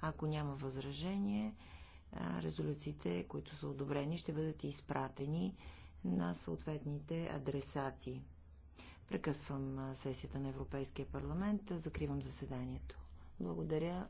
Ако няма възражение, резолюциите, които са одобрени, ще бъдат изпратени на съответните адресати. Прекъсвам сесията на Европейския парламент. Закривам заседанието. Благодаря.